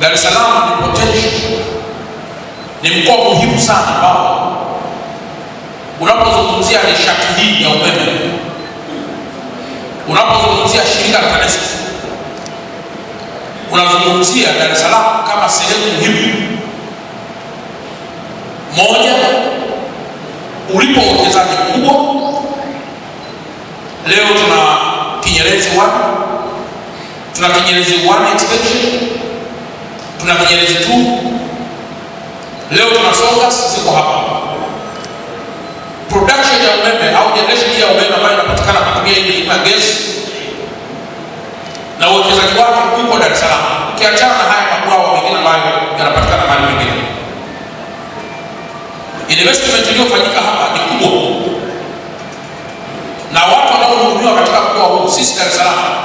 Dar es Salaam ni potential, ni mkoa muhimu sana ambao unapozungumzia nishati hii ya umeme, unapozungumzia shirika la TANESCO unazungumzia Dar es Salaam kama sehemu muhimu moja, ulipo uwekezaji mkubwa. Leo tuna Kinyerezi 1 tuna Kinyerezi 1 extension tuna kinyelezi tu. Leo tuna sokas ziko hapa, production ya umeme au generation ya umeme ambayo inapatikana kutumia hii gesi na uwekezaji wake uko Dar es Salaam, ukiachana na haya mabwawa mengine ambayo yanapatikana mahali mengine. Investment iliyofanyika hapa ni kubwa, na watu wanaohudumiwa katika mkoa huu sisi Dar es Salaam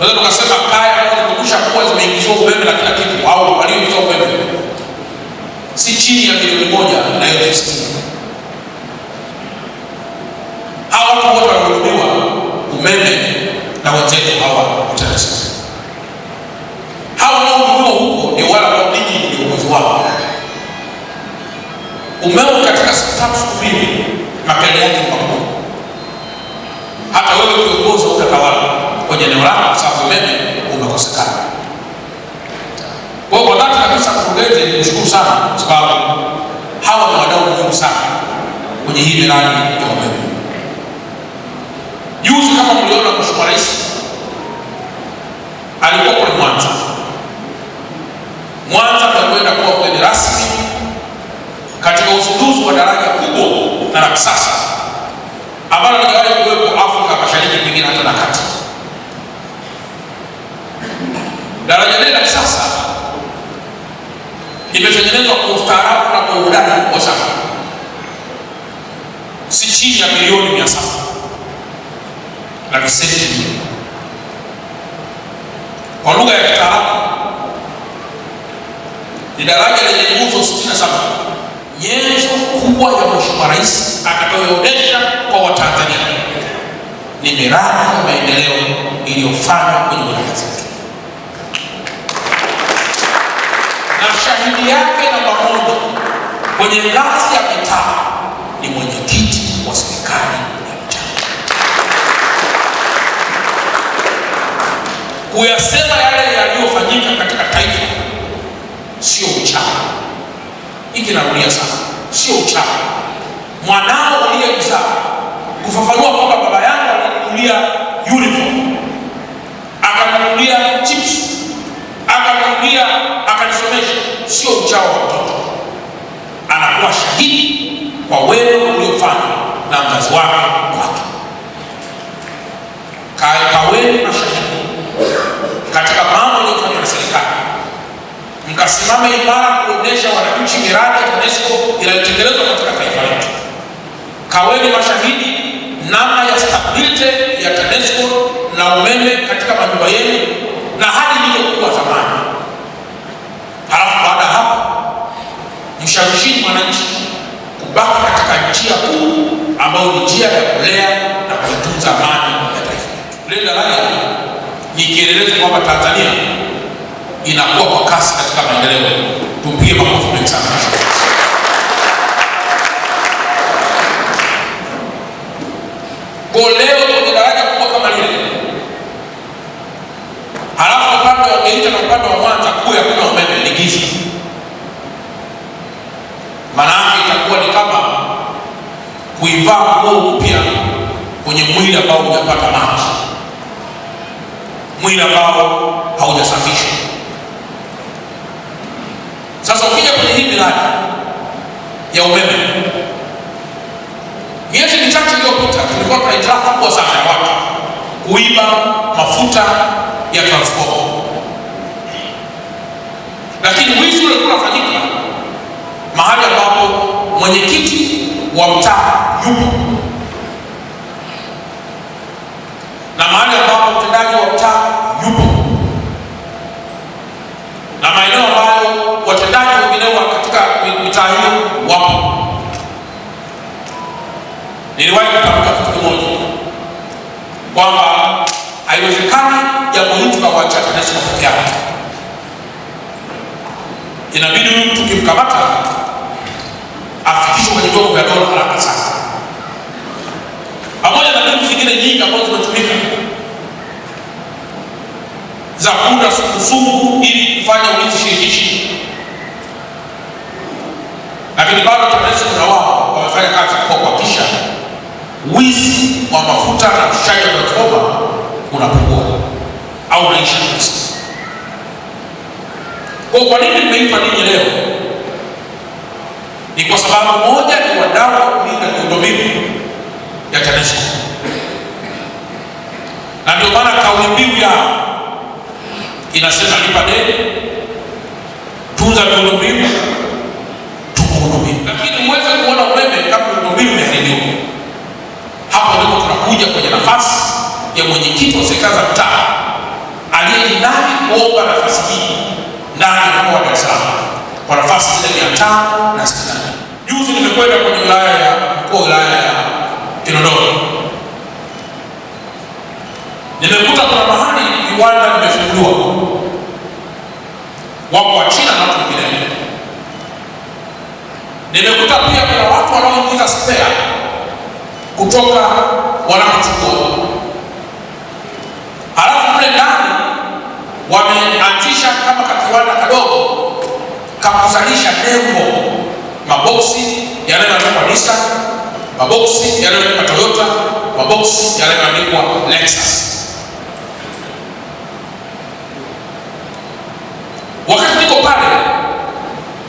Tunaweza tukasema kaya kukusha kuwa zimeingizwa umeme na kila kitu, au walioingizwa umeme si chini ya milioni moja na elfu sitini. Hawa watu wote wanahudumiwa umeme na wenzetu hawa TANESCO. Hawa wanaohudumiwa huko ni wala kwa ninyi ni viongozi wao. Umeme katika tatu siku mbili, mapele yake makubwa. Hata wewe kiongozi utatawala kwenye eneo lako kwa sababu umeme umekosekana. Kwa hiyo kwa dhati kabisa, mkurugenzi, nimshukuru sana kwa sababu hawa ni wadau muhimu sana kwenye hii miradi ya umeme. Juzi kama mliona, Mheshimiwa Rais alikuwa kule Mwanza. Mwanza takwenda kuwa mgeni rasmi katika uzinduzi wa daraja kubwa na la kisasa ambalo lijawahi kuwepo Afrika Mashariki, pengine hata na kati Daraja lile la kisasa imetengenezwa kwa ustaarabu na kwa udani kubwa sana, si chini ya milioni mia saba na visenti, kwa lugha ya kitaarabu ni daraja lenye nguzo sitini na saba nyenzo kubwa ya Mheshimiwa Rais atakayoonyesha kwa Watanzania ni miradi ya maendeleo iliyofanywa kwenye wilaya zetu. ndani yake namba moja kwenye ngazi ya mitaa ni mwenyekiti wa serikali ya mtaa. Kuyasema yale yaliyofanyika katika taifa sio uchawi. Hiki narudia sana, sio uchawi. Mwanao mzaa kufafanua kwamba baba yangu alinunulia uniform akanunulia sio uchao wa mtoto, anakuwa shahidi kwa wema uliofanywa na mzazi wake kwake. Kaweni mashahidi katika mambo yaliyofanywa na serikali, mkasimame imara kuonesha wananchi miradi ya TANESCO inayotekelezwa katika taifa letu. Kaweni mashahidi namna ya stability ya TANESCO na umeme katika majumba yenu na hali iliyokuwa zamani. Halafu baada ya hapo mshawishini mwananchi kubaki katika njia kuu ambayo ni njia ya kulea na kuitunza amani ya taifa letu. Ile dalali ni kielelezo kwamba Tanzania inakuwa kwa kasi katika maendeleo. Tumpige makofi mengi sana. Kwa leo ulivaa nguo upya kwenye mwili ambao hujapata maji, mwili ambao haujasafishwa. Sasa ukija kwenye hii miradi ya umeme, miezi michache iliyopita tulikuwa tuna hitilafu kubwa sana ya watu kuiba mafuta ya transformer, lakini wizi ule unafanyika mahali ambapo mwenyekiti wa mtaa yupo, na mahali ambapo mtendaji wa mtaa yupo, na maeneo ambayo watendaji wengine wa katika mitaa hiyo wapo. Niliwahi kutamka kitu kimoja kwamba haiwezekani jambo hili tukawacha TANESCO peke yake, inabidi huyu mtu kimkamata afikishwe kwenye vyombo vya dola haraka sana, pamoja na mbinu zingine nyingi ambazo zimetumika za kuunda sungusungu ili kufanya ulinzi shirikishi, lakini bado TANESCO na wao wamefanya kazi kwa kuhakikisha wizi wa mafuta na kushaja wa transfoma unapungua au unaisha kabisa. Kwa nini nimeipa ninyi leo ni kwa sababu moja, ni wadau wa kulinda miundombinu ya TANESCO, na ndio maana kauli mbiu yao inasema lipa deni, tunza miundombinu, tukuhudumia. Lakini uweze kuona umeme kama miundombinu imeharibiwa. Hapo ndipo tunakuja kwenye nafasi ya mwenyekiti wa serikali za mtaa aliyejidai kuomba nafasi hii ndani ya mkoa wa Dar es Salaam kwa nafasi zile mia tano na sitini na nne Juzi nimekwenda kwenye wilaya ya mkoa wilaya ya Kinondoni, nimekuta kuna mahali viwanda vimefunguliwa, wako wa China na watu wengine. Nimekuta pia kuna watu wanaoingiza spea kutoka wanapochukua, halafu mle ndani wameanzisha kama kakiwanda kadogo kakuzalisha nembo maboksi yanayoandikwa Nissan, maboksi yanayoandikwa Toyota, maboksi yanayoandikwa Lexus. Wakati niko pale,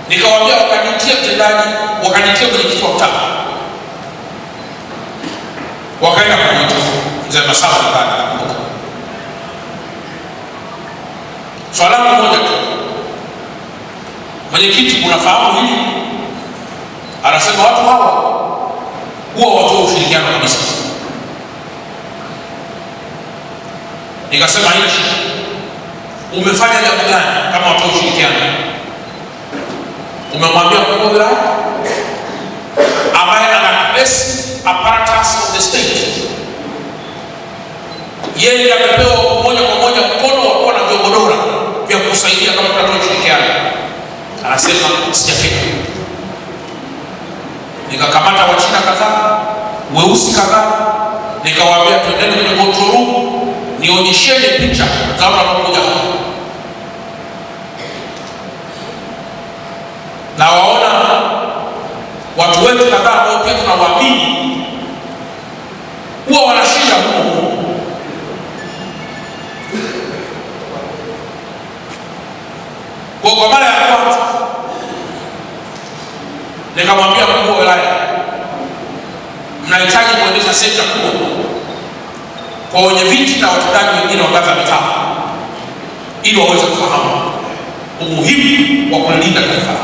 nikawaambia wakanitia mtendaji, wakanitia mwenyekiti wa mtaa, wakaenda kwa mtu mzee Masawa ndani, nakumbuka swala moja tu, mwenyekiti, unafahamu hili Anasema watu hawa huwa watu wa ushirikiano kabisa. Nikasema hichi umefanya jambo gani kama watu wa ushirikiano? Umemwambia mkuu wa wilaya ambaye ana apparatus of the state, yeye amepewa moja kwa moja mkono wa kuwa na vyombo bora vya kusaidia kama wa ushirikiano, anasema sijafika nikakamata wachina kadhaa weusi kadhaa, nikawaambia twendeni kwenye motoru nionyesheni picha za watu wanaokuja hapa na waona watu wetu kadhaa ambao pia tunawaamini huwa wanashinda huku Kwa mara ya kwanza nikamwambia inahitaji kuendesha sekta kubwa kwa wenye viti na watendaji wengine wa ngazi ya mitaa, ili waweze kufahamu umuhimu wa kulinda taifa.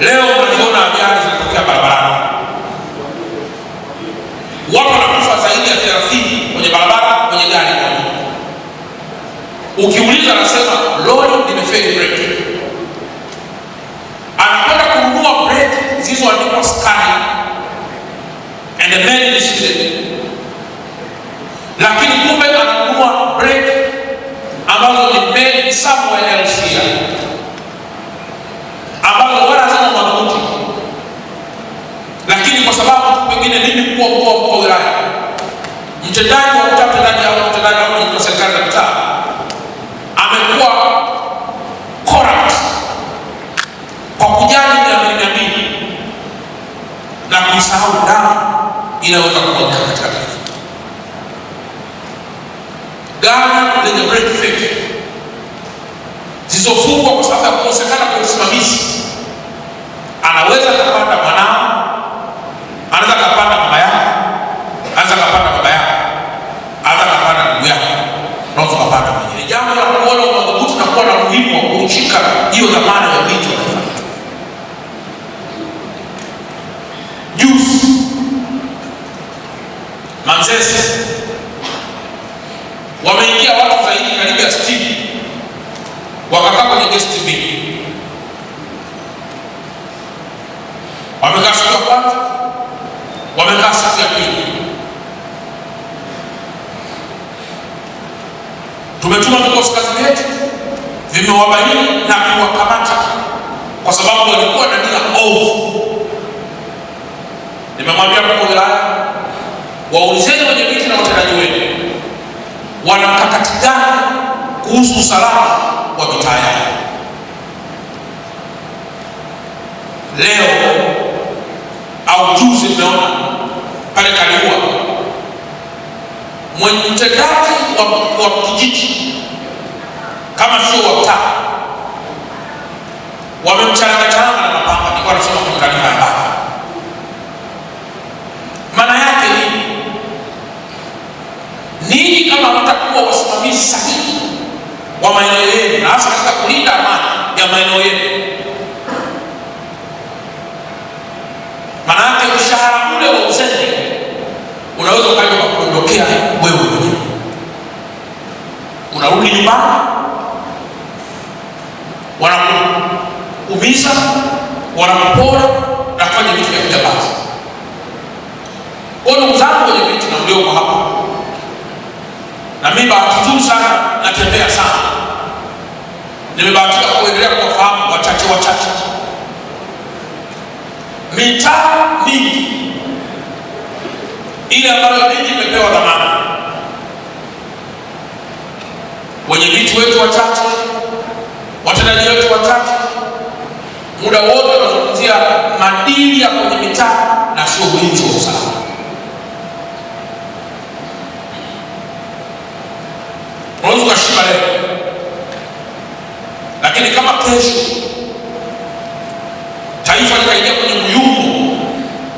Leo tunaona ajali zinatokea barabarani, na kufa zaidi ya thelathini kwenye barabara, kwenye gari. Ukiuliza anasema lori limefeli breki au damu inaweza kuweka katika taifa. Gari lenye breki feki zilizofungwa kwa sababu ya kukosekana kwa usimamizi Nimemwambia mkuu wa wilaya, waulizeni wenye viti na watendaji wenu wana mkakati gani kuhusu usalama wa mitaa yao. Leo au juzi mmeona pale Kaliua mwenye mtendaji wa, wa kijiji kama sio wa mtaa wamemcharanga charanga na mapanga, nilikuwa nasema kwenye kanisa ya Baba maana yake nini? Ninyi kama mtakuwa wasimamizi sahihi wa maeneo yenu, na hasa katika kulinda amani ya maeneo yenu, maanayake mshahara ule wa uzembe unaweza ukaja kwa kuondokea wewe mwenyewe, unarudi nyumbani, wanakuumiza, wanakupora na kufanya vitu vya kwa ndugu wenye viti na mlioko hapa, na mimi bahati sana natembea sana, nimebahatika kuendelea kuwafahamu wachache wachache, mitaa mingi ile ambayo mingi imepewa dhamana, wenye viti wetu wachache, watendaji wetu wachache, muda wote wanazungumzia madili ya kwenye mitaa na sio ulinzi wa usalama. Mungu leo, lakini kama kesho taifa litaingia kwenye muyumbo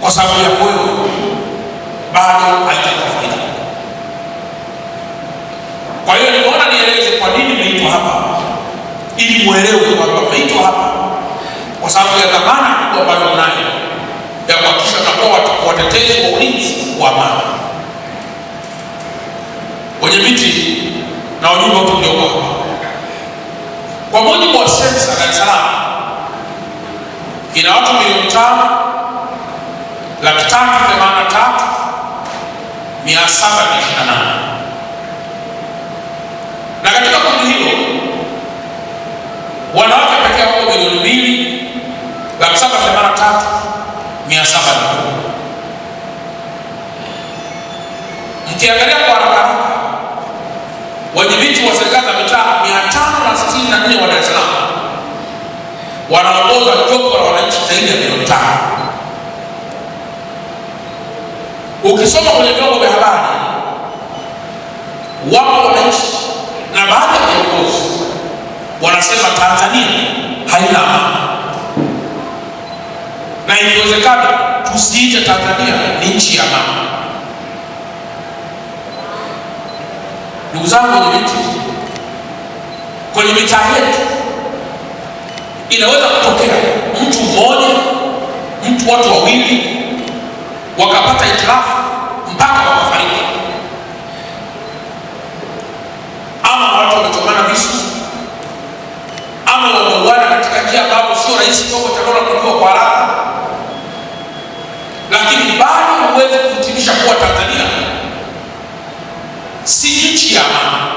kwa sababu ya wewe, bado haitakuwa Kwa hiyo nimeona nieleze kwa nini nimeitwa hapa, ili muelewe kwamba nimeitwa hapa kwa sababu ya dhamana kubwa ambayo mnayo ya kuhakikisha tunakuwa watetezi wa ulinzi wa amani. Wenyeviti na wajumbe wote mliokuwa kwa mujibu wa sensa Dar es Salaam ina watu milioni tano laki tatu themanini na tatu mia saba na ishirini na nane na katika kundi hilo wanawake pekee wako milioni mbili laki saba themanini na tatu mia saba na kumi mkiangalia kwa haraka Wenyeviti wa serikali za mitaa mia tano na sitini na nne wa Dar es Salaam wanaongoza jopo la wananchi zaidi ya milioni tano. Ukisoma kwenye vyombo vya habari, wapo wananchi na baadhi ya viongozi wanasema Tanzania haina amani, na ikiwezekana tusiite Tanzania ni nchi ya amani. Ndugu zangu wenyeviti, kwenye mitaa yetu inaweza kutokea mtu mmoja, mtu watu wawili wakapata itirafu mpaka wakafariki, ama watu wamechomana visu, ama wameuana katika njia ambapo sio rahisi chombo cha dola kujua kwa haraka, lakini bado huwezi kuhitimisha kuwa Tanzania si nchi ya mama.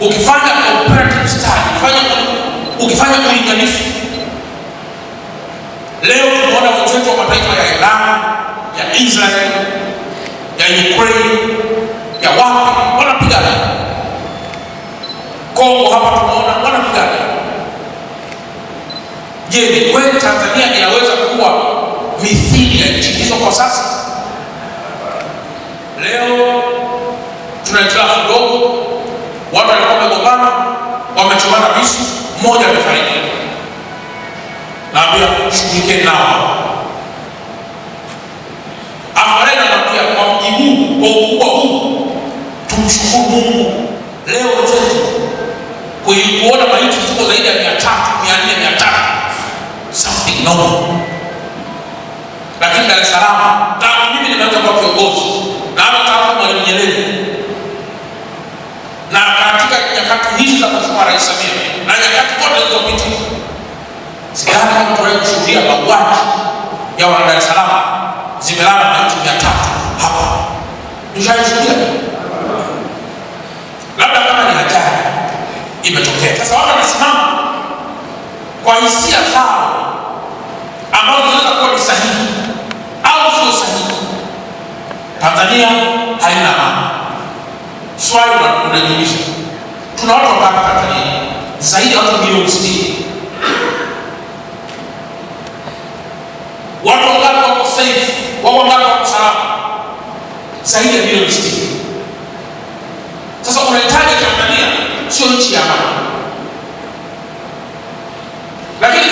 Ukifanya comparative study, ukifanya kulinganisha, leo tunaona wenzetu wa mataifa ya Iran, ya Israel, ya Ukraine, ya wapi wanapigana. Kongo hapa tunaona wanapigana. Je, ni kweli Tanzania inaweza kuwa mithili ya nchi hizo kwa sasa? Leo tuna hitilafu ndogo, watu walikuwa wamegombana, wamechomana visu, mmoja amefariki. Naambia shughulikieni nao. Afadhali naambia kwa mji huu, kwa ukubwa huu, tumshukuru Mungu leo zetu kuona maiti ziko zaidi ya mia tatu mia nne mia tatu something normal, lakini Dar es Salaam tangu mimi nimeanza kuwa kiongozi na hata hapo Mwalimu Nyerere na katika nyakati hizi za Mheshimiwa Rais Samia na nyakati zote zilizopita, sijaona kama kushuhudia mauaji ya wana Dar es Salaam zimelala na mia tatu hapa. Nishaishuhudia labda kama ni ajali imetokea. Sasa watu wanasimama kwa hisia zao ambazo zinaweza kuwa ni sahihi Tanzania haina amani. Swali unajiuliza, tuna watu wangapi Tanzania? Zaidi ya watu milioni sitini. Watu wangapi wako safe? Wako wangapi wako salama? Zaidi ya milioni sitini. Sasa unahitaji Tanzania sio nchi ya amani, lakini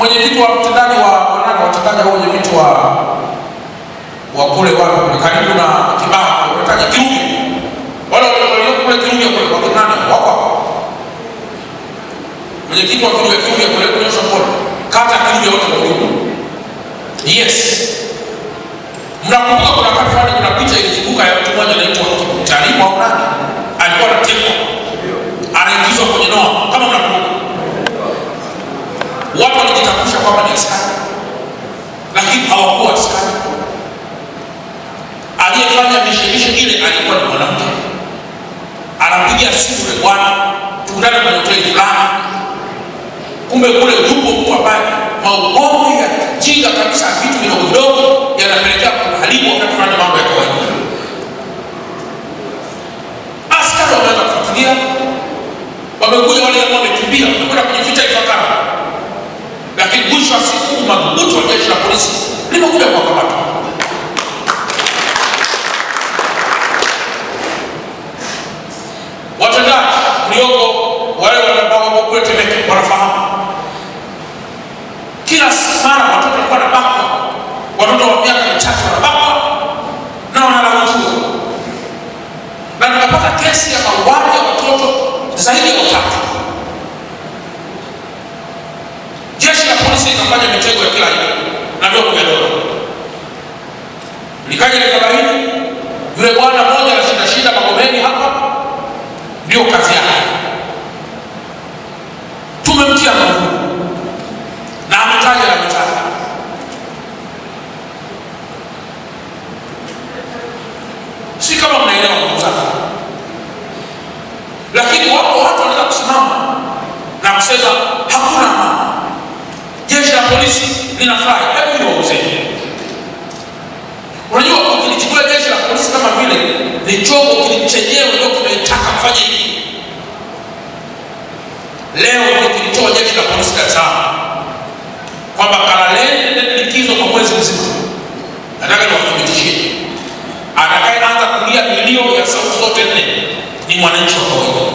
mwenyekiti wa mtendaji wa wanani watendaji au mwenyekiti wa wa kule wapi kule karibu na Kibaha unataja Kirunge, wale walio kule Kirunge kule kwa nani wako mwenyekiti wa Kirunge Kirunge kule kule Shamboni, kata Kirunge wote kule. Yes, mnakumbuka kuna kati fulani kuna picha ilichibuka ya mtu mmoja anaitwa Kibutani mwa nani alikuwa anatekwa anaingizwa kwenye noa Wapo walijitambusha kwamba ni askari, lakini hawakuwa askari. Aliyefanya mishemishe ile alikuwa ni mwanamke, anapiga simu yule bwana, tukutane kwenye hoteli fulani, kumbe kule yupo mtu ambaye mauovu ya kijinga kabisa, vitu vidogo vidogo yanapelekea kuhalibu wakati fulani mambo ya kawaida. Askari wameweza kufuatilia, wamekuja wale ambao wamekimbia, wamekwenda kujificha Ifakara lakini mwisho wa siku madhubuti wa jeshi la polisi limekuja kuwakamata. Watendaji mlioko wale kule Temeke wanafahamu, kila mara watoto walikuwa wanabakwa, watoto wa miaka michache wanabakwa na na kesi ya mauaji ya watoto zaidi polisi ikafanya mitego ya kila aina na ndogo ya dola. Likaja likabaini yule bwana mmoja anashinda shinda Magomeni hapa, ndio kazi yake. Tumemtia nguvu na ametaja na mitaja si kama mnaelewa kuzaka, lakini wapo watu wanaweza kusimama na kusema polisi linafurahi. Hebu ni Unajua, ukilichukua jeshi la polisi kama vile ni chombo kilichenyewe ndio kinaitaka mfanye hivi. Leo ndio kilitoa jeshi la polisi Dar kwamba Kalaleni nende kwa mwezi mzima. Nataka niwathibitishie, atakayeanza kulia milio ya sauti zote nne ni mwananchi wa kawaida.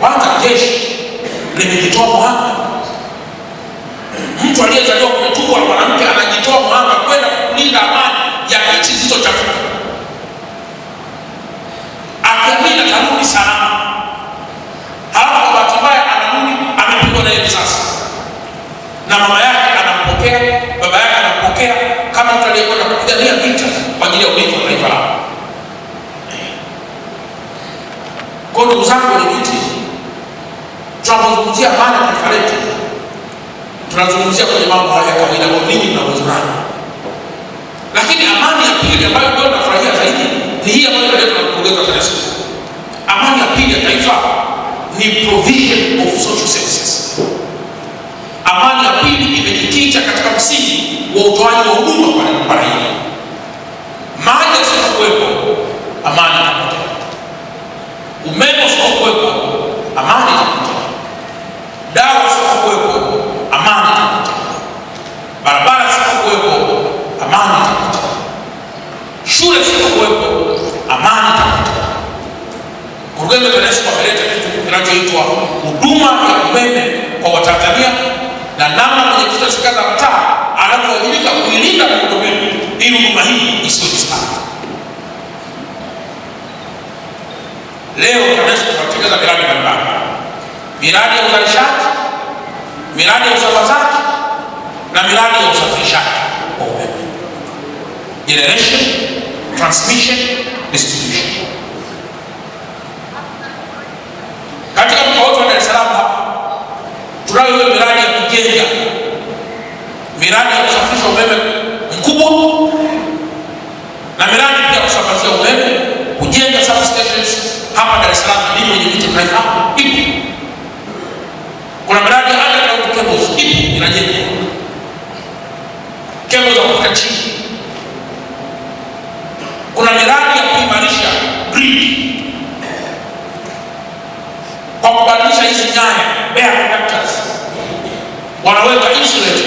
Kwanza jeshi nimejitoa mhanga. Mtu aliyezaliwa kwenye tumbo la mwanamke anajitoa mhanga kwenda kulinda amani ya nchi zilizochafuka, akiamini atarudi salama. Halafu kwa bahati mbaya anarudi amepigwa na hivi sasa, na mama yake anampokea, baba yake anampokea kama mtu aliyekwenda kupigania vita kwa ajili ya ulinzi wa taifa lao. Kwa ndugu zangu, ni vitii tunapozungumzia bana taifa letu tunazungumzia kwenye mambo haya ya kawaida kwa ninyi mnaweza lakini amani ya pili ambayo ndio nafurahia zaidi ni hii ambayo leo tunapongeza kila siku. Amani ya pili ya taifa ni provision of social services. Amani ya pili imejikita katika msingi wa utoaji wa huduma kwa raia. Maji yasipokuwepo, amani inapotea. Umeme usipokuwepo, amani dawa zisipokuwepo, amani itakuja. Barabara zisipokuwepo, amani itakuja. Shule zisipokuwepo, amani itakuja. Mkurugenzi wa TANESCO kitu kinachoitwa huduma ya umeme kwa Watanzania na namna mwenyekiti wa serikali za mtaa anavyowajibika kuilinda miundombinu ili huduma hii isiyojiskana. Leo TANESCO miradi mbalimbali miradi ya uzalishaji, miradi ya usambazaji na miradi ya usafirishaji wa umeme, generation, transmission, distribution. Katika mkoa wetu wa Dar es Salaam hapa tunayo hiyo miradi ya kujenga miradi ya kusafirisha umeme mkubwa na miradi pia kusambazia umeme, kujenga substations hapa Dar es Salaam. yenye vitu taifa wanaweka insulate,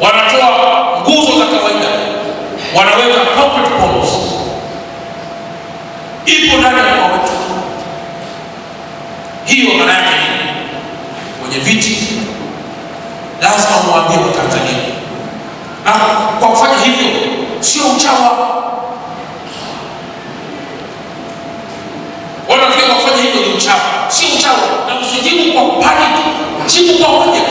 wanatoa nguzo za kawaida, wanaweka concrete poles, ipo ndani ya mkoa wetu. Hiyo maana yake ni Kwenye viti lazima muambie wa Tanzania, na kwa kufanya hivyo sio uchawa wanafikia kufanya hivyo ni uchawi, si uchawi. Na msijibu kwa panic, jibu kwa hoja.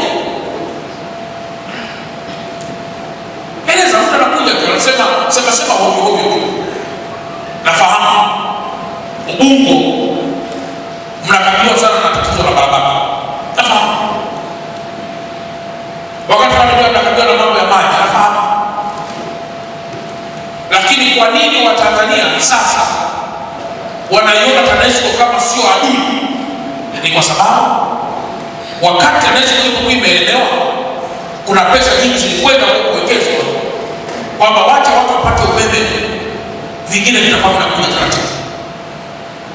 kusema sema sema hovyo hovyo. Nafahamu Ubungo mnakabiliwa sana na tatizo la barabara, nafahamu. Wakati wanakuwa mnakabiliwa na mambo ya maji, nafahamu. Lakini kwa nini Watanzania sasa wanaiona TANESCO kama sio adui? Ni kwa sababu wakati TANESCO ilipokuwa imeelewa kuna pesa nyingi zilikwenda kuwekezwa kwamba wacha watu wapate umeme, vingine vinakuwa vinakuja taratibu.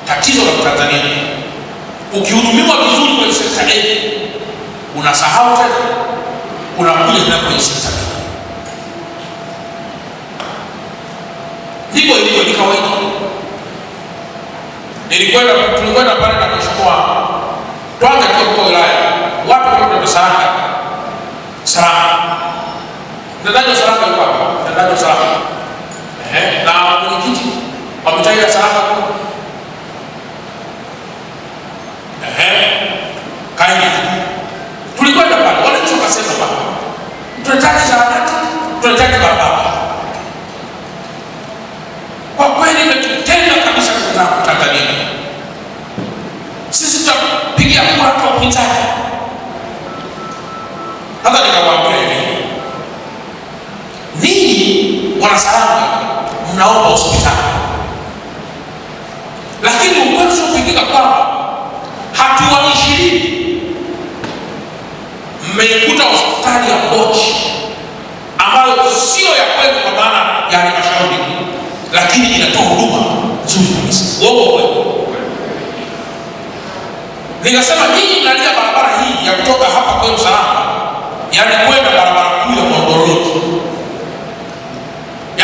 Tatizo la Tanzania, ukihudumiwa vizuri kwenye sekta A unasahau tena, unakuja tena kwenye sekta B. Ndivyo ilivyo, ni kawaida. Nilikwenda, tulikwenda pale na kushukua Twanga kwa wilaya, watu wakaenda Saranga, salama Mtendaji wa Saraka yuko hapa, mtendaji wa Saraka eh, na mwenyekiti wa mtaji wa Saraka eh, kaini tulikwenda pale, walichoka sema pale, tunataka zahanati, tunataka barabara. Kwa kweli imetutenda kabisa kwa Tanzania, sisi tutapigia kura kwa upinzani hata nikawa Wanasalama mnaomba hospitali, lakini ukweli usiopingika kwamba hatua ishirini mmeikuta hospitali ya Bochi ambayo sio ya kwenu kwa maana ya halmashauri, lakini inatoa huduma nzuri kabisa. Uongo nikasema nyinyi mnalia barabara hii ya kutoka hapa kwenu Salama, yani kwenda barabara kuu ya Morogoro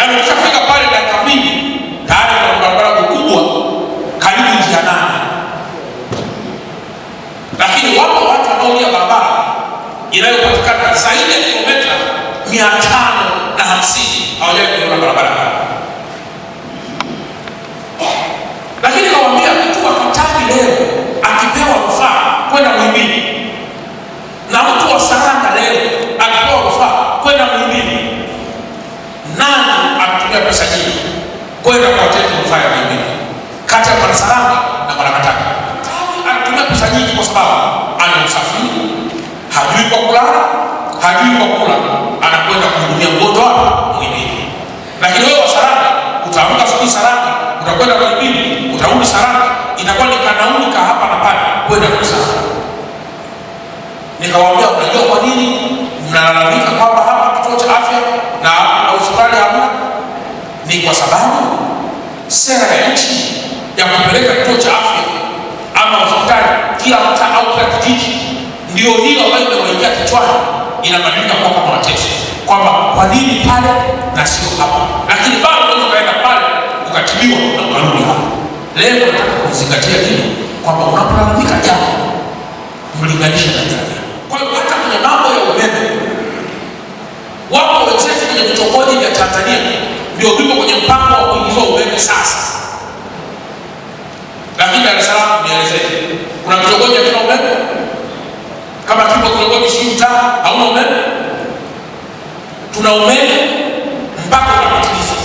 yaani ukishafika pale dakika mbili tayari kuna barabara kubwa karibu njia nane, lakini wapo watu wanaolia barabara inayopatikana zaidi ya kilomita mia tano na hamsini hawajawahi kuona barabara. Lakini kawambia mtu akatani leo akipewa rufaa kwenda Muhimbili na mtu wa Sarandi ameshajili kwenda kwa kuwatenda mfaya mengine kati ya Dar es Salaam na Mwanakatanga. Anatumia pesa nyingi kwa sababu ana usafiri, hajui kwa kulala, hajui kwa kula, anakwenda kuhudumia mgonjwa mwingine. Lakini wewe Saranga utaamka asubuhi Saranga, utakwenda kuhubiri, utarudi Saranga, itakuwa ni kanauni ka hapa na pale kwenda kwa kusafiri. Nikawaambia, unajua kwa nini mnalalamika kwamba hapa kituo cha afya na ni kwa sababu sera ya nchi ya kupeleka kituo cha afya ama hospitali kila mtaa au kila kijiji, ndio hiyo ambayo imewaingia kichwani, inabadilika kwa kama mateso, kwamba kwa nini pale na sio hapa, lakini bado unaweza ukaenda pale ukatibiwa na ukarudi hapa. Leo nataka kuzingatia hili kwamba unapolalamika jambo mlinganishe na jirani. Kwa hiyo hata kwenye mambo ya umeme, wapo wenzetu kwenye vitongoji vya Tanzania ndio tuko kwenye mpango wa kuingiza umeme sasa. Lakini Dar es Salaam nielezee, kuna vitongoji havina umeme kama tuko kitongoji ishirini mtaa hauna umeme, tuna umeme mpaka unapitiliza